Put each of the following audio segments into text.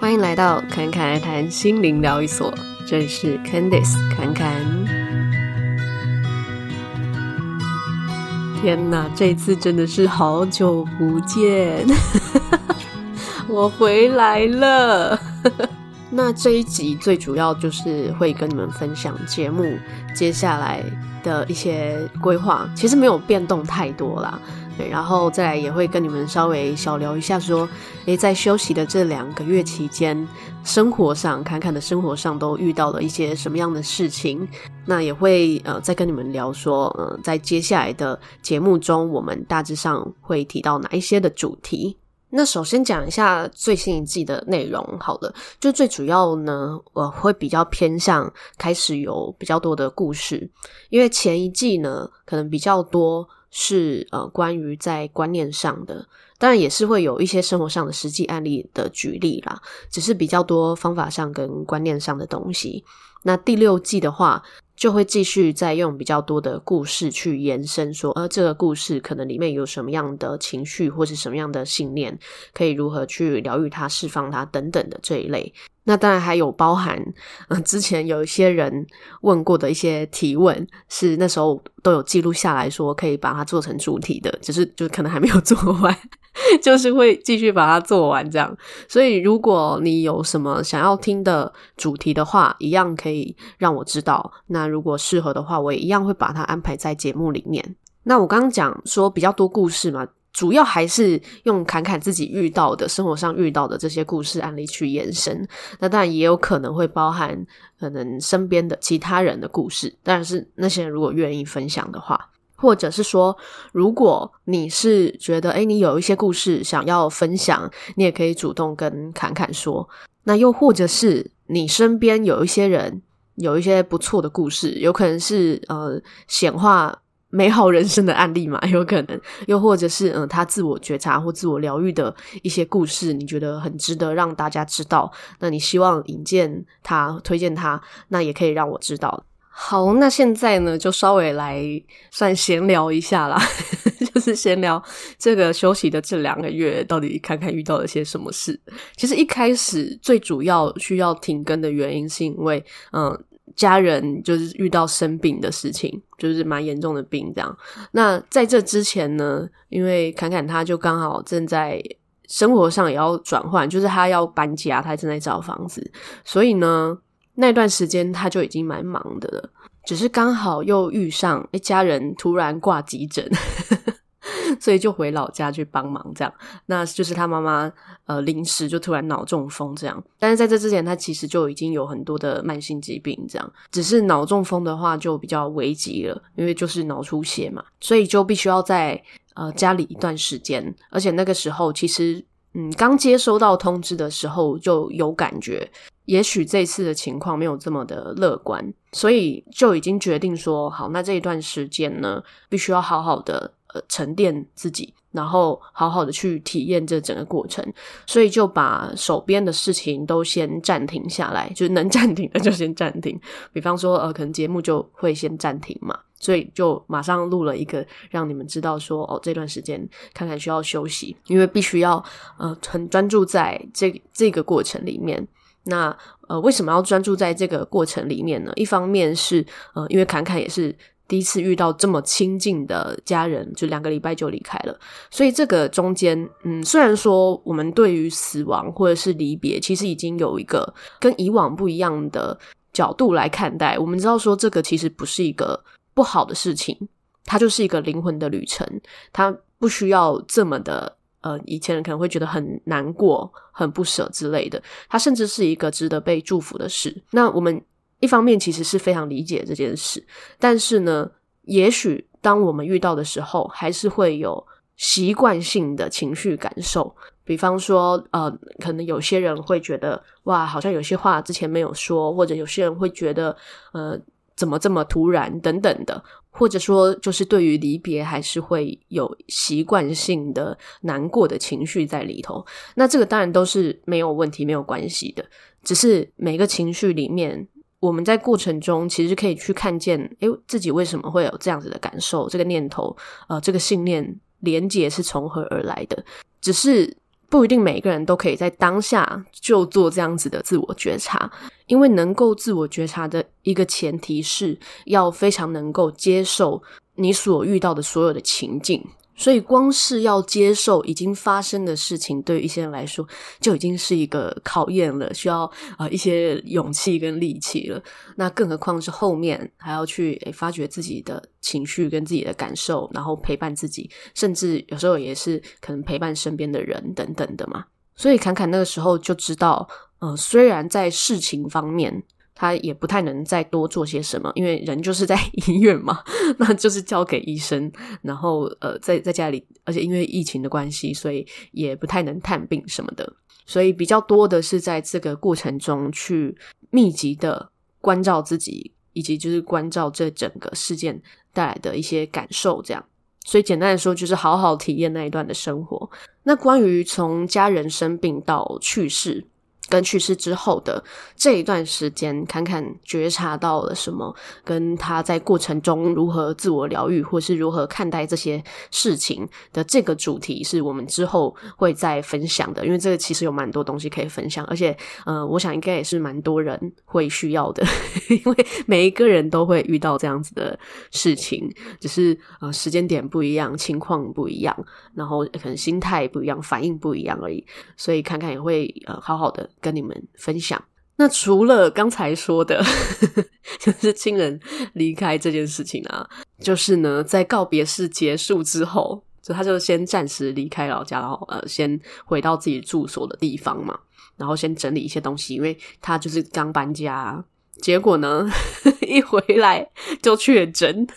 歡迎來到侃侃而談心靈療癒所，這裡是 Candice 侃侃。天哪，這一次真的是好久不見， 我回來了。 那這一集最主要就是會跟你們分享節目接下來的一些規劃，其實沒有變動太多啦對，然後再來也會跟你們稍微小聊一下，說，誒，在休息的這兩個月期間，生活上，坎坎的生活上都遇到了一些什麼樣的事情？那也會呃，再跟你們聊說，嗯、呃，在接下來的節目中，我們大致上會提到哪一些的主題？那首先講一下最新一季的內容。好了，就最主要呢，我會比較偏向開始有比較多的故事，因為前一季呢，可能比較多。是呃，關於在觀念上的，當然也是會有一些生活上的實際案例的舉例啦，只是比較多方法上跟觀念上的東西。那第六季的話，就會繼續再用比較多的故事去延伸說，說呃，這個故事可能裡面有什麼樣的情緒或是什麼樣的信念，可以如何去療癒它、釋放它等等的這一類。那當然還有包含，呃，之前有一些人問過的一些提問，是那時候都有記錄下來說可以把它做成主題的，只是就可能還沒有做完，就是會繼續把它做完這樣。所以如果你有什麼想要聽的主題的話，一樣可以讓我知道。那如果適合的話，我也一樣會把它安排在節目裡面。那我剛剛講說比較多故事嘛。主要還是用坎坎自己遇到的生活上遇到的這些故事案例去延伸，那當然也有可能會包含可能身邊的其他人的故事。當然是那些人如果願意分享的話，或者是說，如果你是覺得，誒，你有一些故事想要分享，你也可以主動跟坎坎說。那又或者是你身邊有一些人有一些不錯的故事，有可能是呃顯化。美好人生的案例嘛，有可能，又或者是嗯，他自我覺察或自我療癒的一些故事，你覺得很值得讓大家知道，那你希望引薦他、推薦他，那也可以讓我知道。好，那現在呢，就稍微來算閒聊一下啦， 就是閒聊這個休息的這兩個月，到底看看遇到了些什麼事。其實一開始最主要需要停更的原因是因為嗯。家人就是遇到生病的事情，就是蠻嚴重的病這樣。那在這之前呢，因為坎坎他就剛好正在生活上也要轉換，就是他要搬家，他正在找房子，所以呢，那段時間他就已經蠻忙的了。只是剛好又遇上一家人突然掛急診。 所以就回老家去幫忙，這樣，那就是他媽媽呃、臨時就突然腦中風這樣，但是在這之前他其實就已經有很多的慢性疾病這樣，只是腦中風的話就比較危急了，因為就是腦出血嘛，所以就必須要在呃、家裡一段時間，而且那個時候其實嗯，剛接收到通知的時候就有感覺，也許這次的情況沒有這麼的樂觀，所以就已經決定說好，那這一段時間呢，必須要好好的。呃，沉澱自己，然後好好的去體驗這整個過程，所以就把手邊的事情都先暫停下來，就是、能暫停的就先暫停。比方說，呃，可能節目就會先暫停嘛，所以就馬上錄了一個讓你們知道說，哦，這段時間坎坎需要休息，因為必須要呃很專注在這這個過程裡面。那呃，為什麼要專注在這個過程裡面呢？一方面是呃，因為坎坎也是。第一次遇到這麼親近的家人，就兩個禮拜就離開了，所以這個中間，嗯，雖然說我們對於死亡或者是離別，其實已經有一個跟以往不一樣的角度來看待。我們知道說，這個其實不是一個不好的事情，它就是一個靈魂的旅程，它不需要這麼的，呃，以前人可能會覺得很難過、很不捨之類的，它甚至是一個值得被祝福的事。那我們。一方面其實是非常理解這件事，但是呢，也許當我們遇到的時候，還是會有習慣性的情緒感受。比方說，呃，可能有些人會覺得哇，好像有些話之前沒有說，或者有些人會覺得，呃，怎麼這麼突然等等的，或者說就是對於離別，還是會有習慣性的難過的情緒在裡頭。那這個當然都是沒有問題、沒有關係的，只是每個情緒裡面。我們在過程中，其實可以去看見，誒，自己為什麼會有這樣子的感受？這個念頭，呃，這個信念連接是從何而來的？只是不一定每一個人都可以在當下就做這樣子的自我覺察，因為能夠自我覺察的一個前提是要非常能夠接受你所遇到的所有的情境。所以，光是要接受已經發生的事情，對於一些人來說，就已經是一個考驗了，需要、呃、一些勇氣跟力氣了。那更何況是後面還要去、欸、發掘自己的情緒跟自己的感受，然後陪伴自己，甚至有時候也是可能陪伴身邊的人等等的嘛。所以，坎坎那個時候就知道，呃，雖然在事情方面。他也不太能再多做些什麼，因為人就是在醫院嘛，那就是交給醫生。然後，呃，在在家裡，而且因為疫情的關係，所以也不太能探病什麼的。所以，比較多的是在這個過程中去密集的關照自己，以及就是關照這整個事件帶來的一些感受。這樣，所以簡單來說，就是好好體驗那一段的生活。那關於從家人生病到去世。跟去世之後的這一段時間，看看覺察到了什麼，跟他在過程中如何自我療癒，或是如何看待這些事情的這個主題，是我們之後會再分享的。因為這個其實有蠻多東西可以分享，而且呃，我想應該也是蠻多人會需要的，因為每一個人都會遇到這樣子的事情，只是呃時間點不一樣，情況不一樣，然後可能心態不一樣，反應不一樣而已。所以看看也會呃好好的跟你們分享。那除了剛才說的，就 是親人離開這件事情啊，就是呢，在告別式結束之後，就他就先暫時離開老家，然後呃，先回到自己住所的地方嘛，然後先整理一些東西，因為他就是剛搬家啊。結果呢， 一回來就確診，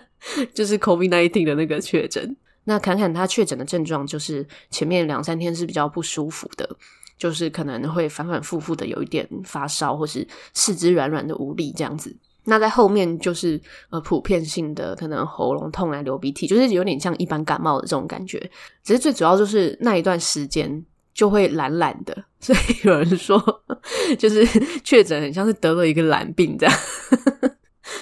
就是 COVID-19 的那個確診。那坎坎他確診的症狀就是前面兩三天是比較不舒服的。就是可能會反反复复的有一點發燒，或是四肢軟軟的無力這樣子。那在後面就是呃，普遍性的可能喉嚨痛啊、流鼻涕，就是有點像一般感冒的這種感覺。只是最主要就是那一段時間就會懶懶的，所以有人說就是確診很像是得了一個懶病這樣。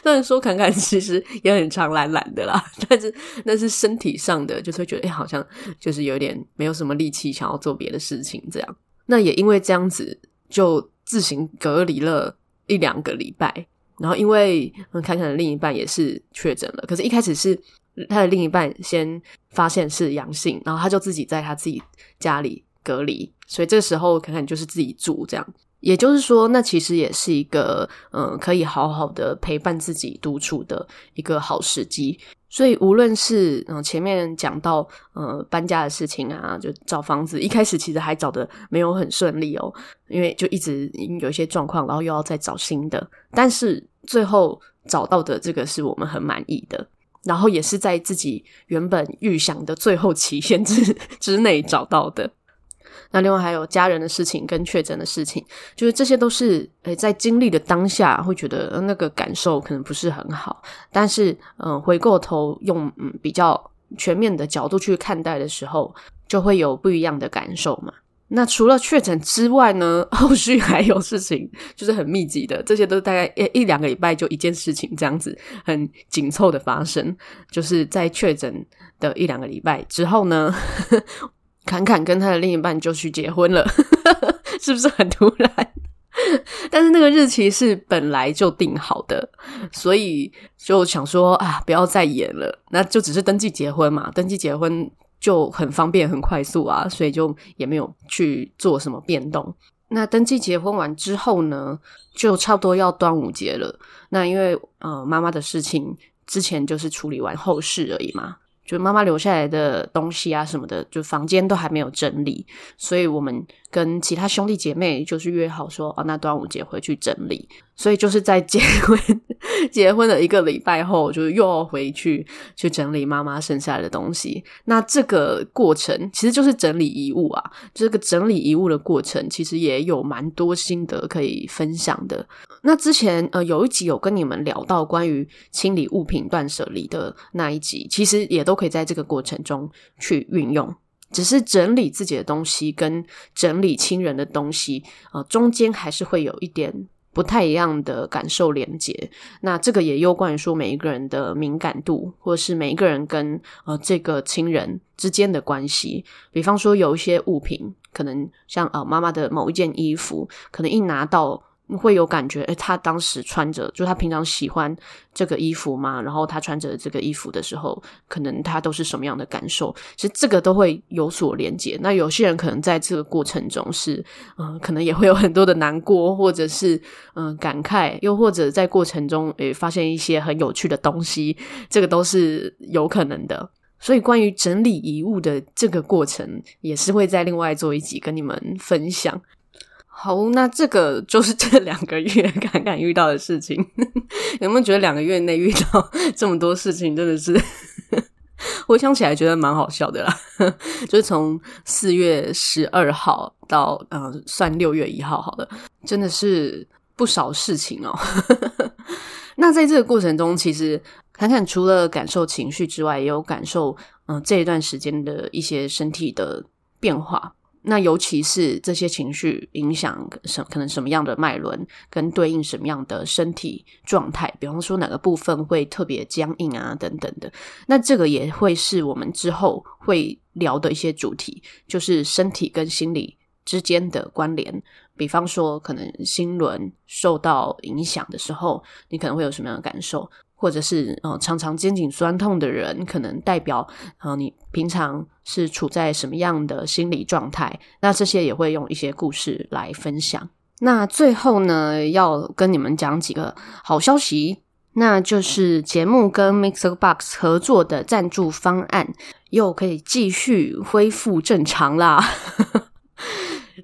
雖然說坎坎其實也很常懶懶的啦，但是那是身體上的，就是會覺得，欸，好像就是有點沒有什麼力氣想要做別的事情這樣。那也因為這樣子，就自行隔離了一兩個禮拜。然後因為坎坎的另一半也是確診了，可是，一開始是他的另一半先發現是陽性，然後他就自己在他自己家裡隔離。所以這時候坎坎就是自己住這樣，也就是說，那其實也是一個嗯，可以好好的陪伴自己獨處的一個好時機。所以無論是嗯前面講到呃搬家的事情啊，就找房子，一開始其實還找得沒有很順利哦，因為就一直有一些狀況，然後又要再找新的，但是最後找到的這個是我們很滿意的，然後也是在自己原本預想的最後期限之之內找到的。那另外還有家人的事情跟確診的事情，就是這些都是誒，欸，在經歷的當下會覺得那個感受可能不是很好，但是嗯回過頭用嗯比較全面的角度去看待的時候，就會有不一樣的感受嘛。那除了確診之外呢，後續還有事情就是很密集的，這些都大概一，一兩個禮拜就一件事情這樣子很緊湊的發生，就是在確診的一兩個禮拜之後呢。呵呵坎坎跟他的另一半就去結婚了， 是不是很突然？ 但是那個日期是本來就定好的，所以就想說啊，不要再延了，那就只是登記結婚嘛，登記結婚就很方便、很快速啊，所以就也沒有去做什麼變動。那登記結婚完之後呢，就差不多要端午節了。那因為嗯、呃、媽媽的事情之前就是處理完後事而已嘛。就媽媽留下來的東西啊，什麼的，就房間都還沒有整理，所以我們跟其他兄弟姐妹就是約好說，哦，那端午節回去整理，所以就是在結婚、結婚了一個禮拜後，就是、又要回去去整理媽媽剩下的東西。那這個過程其實就是整理遺物啊。這個整理遺物的過程，其實也有蠻多心得可以分享的。那之前呃有一集有跟你們聊到關於清理物品、斷捨離的那一集，其實也都可以在這個過程中去運用。只是整理自己的東西跟整理親人的東西啊、呃，中間還是會有一點。不太一樣的感受連結，那這個也攸關於說每一個人的敏感度，或者是每一個人跟呃這個親人之間的關係。比方說，有一些物品，可能像啊媽媽的某一件衣服，可能一拿到。會有感覺，誒，他當時穿着，就他平常喜歡這個衣服嗎？然後他穿着這個衣服的時候，可能他都是什麼樣的感受？其實這個都會有所連接。那有些人可能在這個過程中是，嗯，可能也會有很多的難過，或者是，嗯，感慨，又或者在過程中也發現一些很有趣的東西，這個都是有可能的。所以，關於整理遺物的這個過程，也是會再另外做一集跟你們分享。好，那這個就是這兩個月坎坎遇到的事情。 有沒有覺得兩個月內遇到這麼多事情，真的是回 想起來覺得蠻好笑的啦。 就是從四月十二號到呃算六月一號，好的，真的是不少事情哦。 那在這個過程中，其實坎坎除了感受情緒之外，也有感受嗯、呃、這一段時間的一些身體的變化。那尤其是這些情緒影響什可能什麼樣的脈輪跟對應什麼樣的身體狀態，比方說哪個部分會特別僵硬啊等等的，那這個也會是我們之後會聊的一些主題，就是身體跟心理之間的關聯。比方說，可能心輪受到影響的時候，你可能會有什麼樣的感受？或者是呃，常常肩頸痠痛的人，可能代表，呃，你平常是處在什麼樣的心理狀態？那這些也會用一些故事來分享。那最後呢，要跟你們講幾個好消息，那就是節目跟 MixerBox 合作的贊助方案又可以繼續恢復正常啦。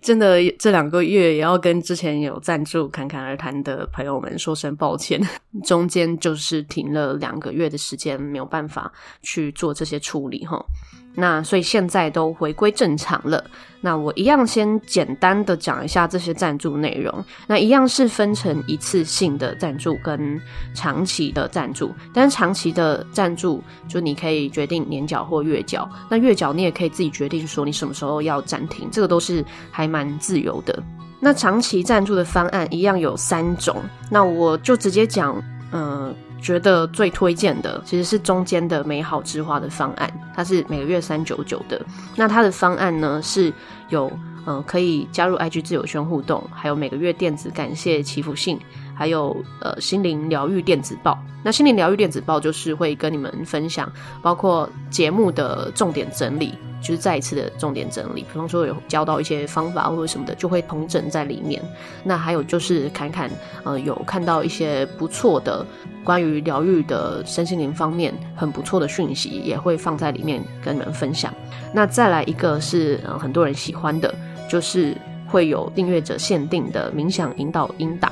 真的，這兩個月也要跟之前有贊助坎坎而談的朋友們說聲抱歉，中間就是停了兩個月的時間，沒有辦法去做這些處理哈。吼那所以現在都回歸正常了。那我一樣先簡單的講一下這些贊助內容。那一樣是分成一次性的贊助跟長期的贊助。但是長期的贊助，就你可以決定年繳或月繳。那月繳你也可以自己決定說你什麼時候要暫停，這個都是還蠻自由的。那長期贊助的方案一樣有三種。那我就直接講，嗯、呃。覺得最推薦的其實是中間的美好之花的方案，它是每個月三九九的。那它的方案呢是有嗯、呃，可以加入 IG 自由圈互動，還有每個月電子感謝祈福信。還有呃，心靈療癒電子報。那心靈療癒電子報就是會跟你們分享，包括節目的重點整理，就是再一次的重點整理。比方說有教到一些方法或者什麼的，就會統整在裡面。那還有就是坎坎呃，有看到一些不錯的關於療癒的身心靈方面很不錯的訊息，也會放在裡面跟你們分享。那再來一個是，呃，很多人喜歡的，就是會有訂閱者限定的冥想引導音檔。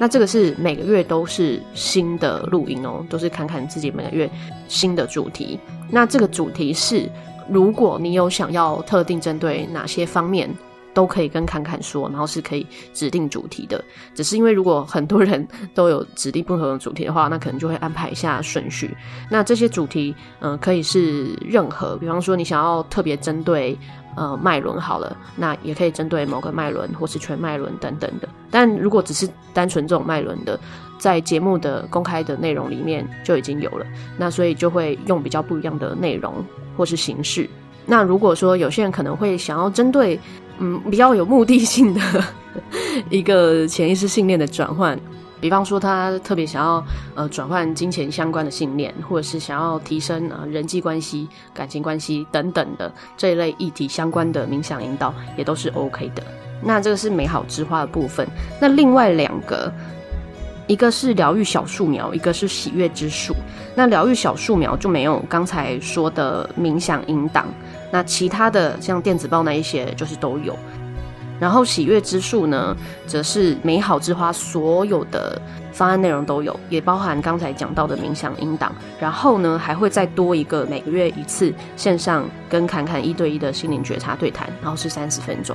那這個是每個月都是新的錄音哦，都、就是坎坎自己每個月新的主題。那這個主題是，如果你有想要特定針對哪些方面，都可以跟坎坎說，然後是可以指定主題的。只是因為如果很多人都有指定不同的主題的話，那可能就會安排一下順序。那這些主題，嗯、呃，可以是任何，比方說你想要特別針對。呃，脈輪好了，那也可以針對某個脈輪，或是全脈輪等等的。但如果只是單純這種脈輪的，在節目的公開的內容裡面就已經有了，那所以就會用比較不一樣的內容或是形式。那如果說有些人可能會想要針對，嗯，比較有目的性的 一個潛意識信念的轉換。比方說，他特別想要呃轉換金錢相關的信念，或者是想要提升呃人際關係、感情關係等等的這一類議題相關的冥想引導，也都是 OK 的。那這個是美好之花的部分。那另外兩個，一個是療癒小樹苗，一個是喜悅之樹。那療癒小樹苗就沒有剛才說的冥想引導，那其他的像電子報那一些就是都有。然後喜悅之樹呢，則是美好之花所有的方案內容都有，也包含剛才講到的冥想音檔。然後呢，還會再多一個每個月一次線上跟坎坎一對一的心靈覺察對談，然後是三十分鐘。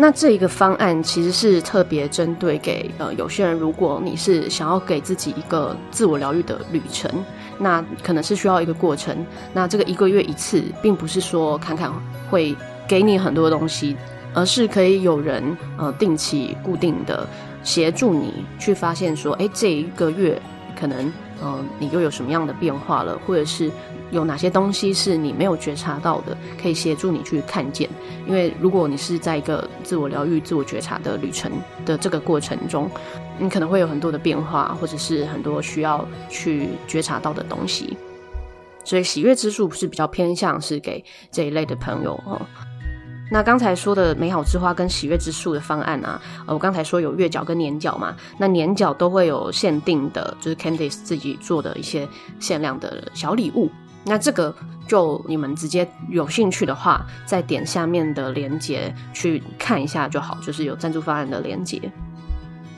那這一個方案其實是特別針對給呃有些人，如果你是想要給自己一個自我療癒的旅程，那可能是需要一個過程。那這個一個月一次，並不是說坎坎會給你很多東西。而是可以有人呃定期固定的協助你去發現說，誒，這一個月可能嗯、呃、你又有什麼樣的變化了，或者是有哪些東西是你沒有覺察到的，可以協助你去看見。因為如果你是在一個自我療癒、自我覺察的旅程的這個過程中，你可能會有很多的變化，或者是很多需要去覺察到的東西。所以喜悅之術是比較偏向是給這一類的朋友哦。呃那剛才說的美好之花跟喜悅之樹的方案啊，呃，我剛才說有月繳跟年繳嘛，那年繳都會有限定的，就是 Candice 自己做的一些限量的小禮物。那這個就你們直接有興趣的話，再點下面的鏈接去看一下就好，就是有贊助方案的鏈接。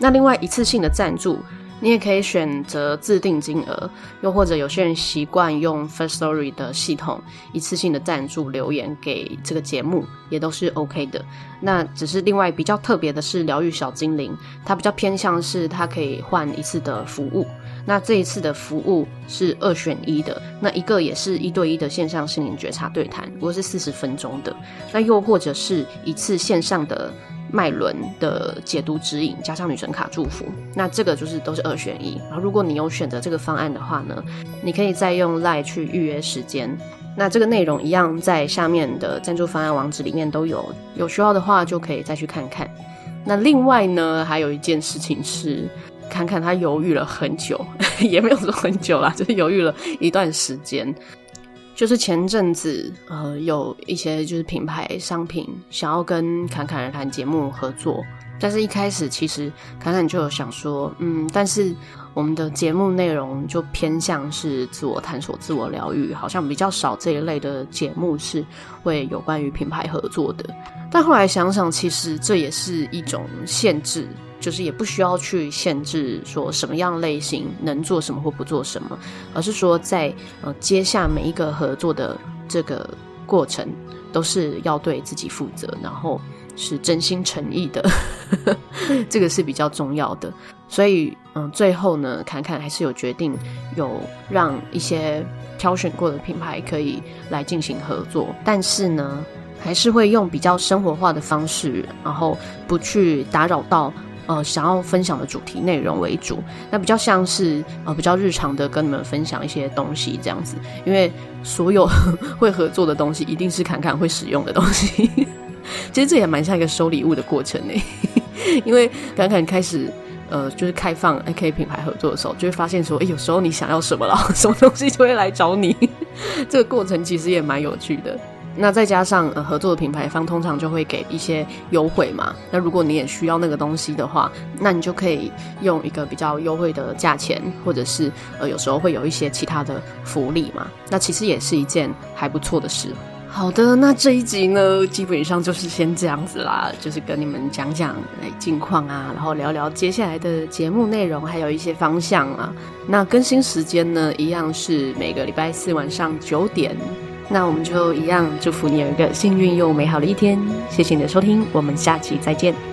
那另外一次性的贊助。你也可以選擇自訂金額，又或者有些人習慣用 Firstory 的系統一次性的贊助，留言給這個節目，也都是 OK 的。那只是另外比較特別的是療癒小精靈，它比較偏向是它可以換一次的服務。那這一次的服務是二選一的，那一個也是一對一的線上心靈覺察對談，不過是四十分鐘的，那又或者是一次線上的。脈輪的解讀指引，加上女神卡祝福，那這個就是都是二選一。然後如果你有選擇這個方案的話呢，你可以再用 LINE 去預約時間。那這個內容一樣在下面的贊助方案網址裡面都有，有需要的話就可以再去看看。那另外呢，還有一件事情是，坎坎他猶豫了很久， 也沒有說很久啦，就是猶豫了一段時間。就是前陣子，呃，有一些就是品牌商品想要跟坎坎而談節目合作，但是一開始其實坎坎就有想說，嗯，但是我們的節目內容就偏向是自我探索、自我療癒，好像比較少這一類的節目是會有關於品牌合作的。但後來想想，其實這也是一種限制。就是也不需要去限制說什麼樣類型能做什麼或不做什麼，而是說在呃接下每一個合作的這個過程，都是要對自己負責，然後是真心誠意的， 這個是比較重要的。所以嗯、呃，最後呢，坎坎還是有決定有讓一些挑選過的品牌可以來進行合作，但是呢，還是會用比較生活化的方式，然後不去打擾到。呃，想要分享的主題內容為主，那比較像是呃比較日常的，跟你們分享一些東西這樣子。因為所有會合作的東西，一定是侃侃會使用的東西。 其實這也蠻像一個收禮物的過程呢。 因為侃侃開始呃就是開放 AK 品牌合作的時候，就會發現說，哎、欸，有時候你想要什麼了，什麼東西就會來找你。 這個過程其實也蠻有趣的。那再加上，呃，合作的品牌方通常就會給一些優惠嘛。那如果你也需要那個東西的話，那你就可以用一個比較優惠的價錢，或者是呃有時候會有一些其他的福利嘛。那其實也是一件還不錯的事。好的，那這一集呢基本上就是先這樣子啦，就是跟你們講講誒近況啊，然後聊聊接下來的節目內容還有一些方向啊。那更新時間呢一樣是每個禮拜四晚上九點。那我們就一樣祝福你有一個幸運又美好的一天。謝謝你的收聽，我們下期再見。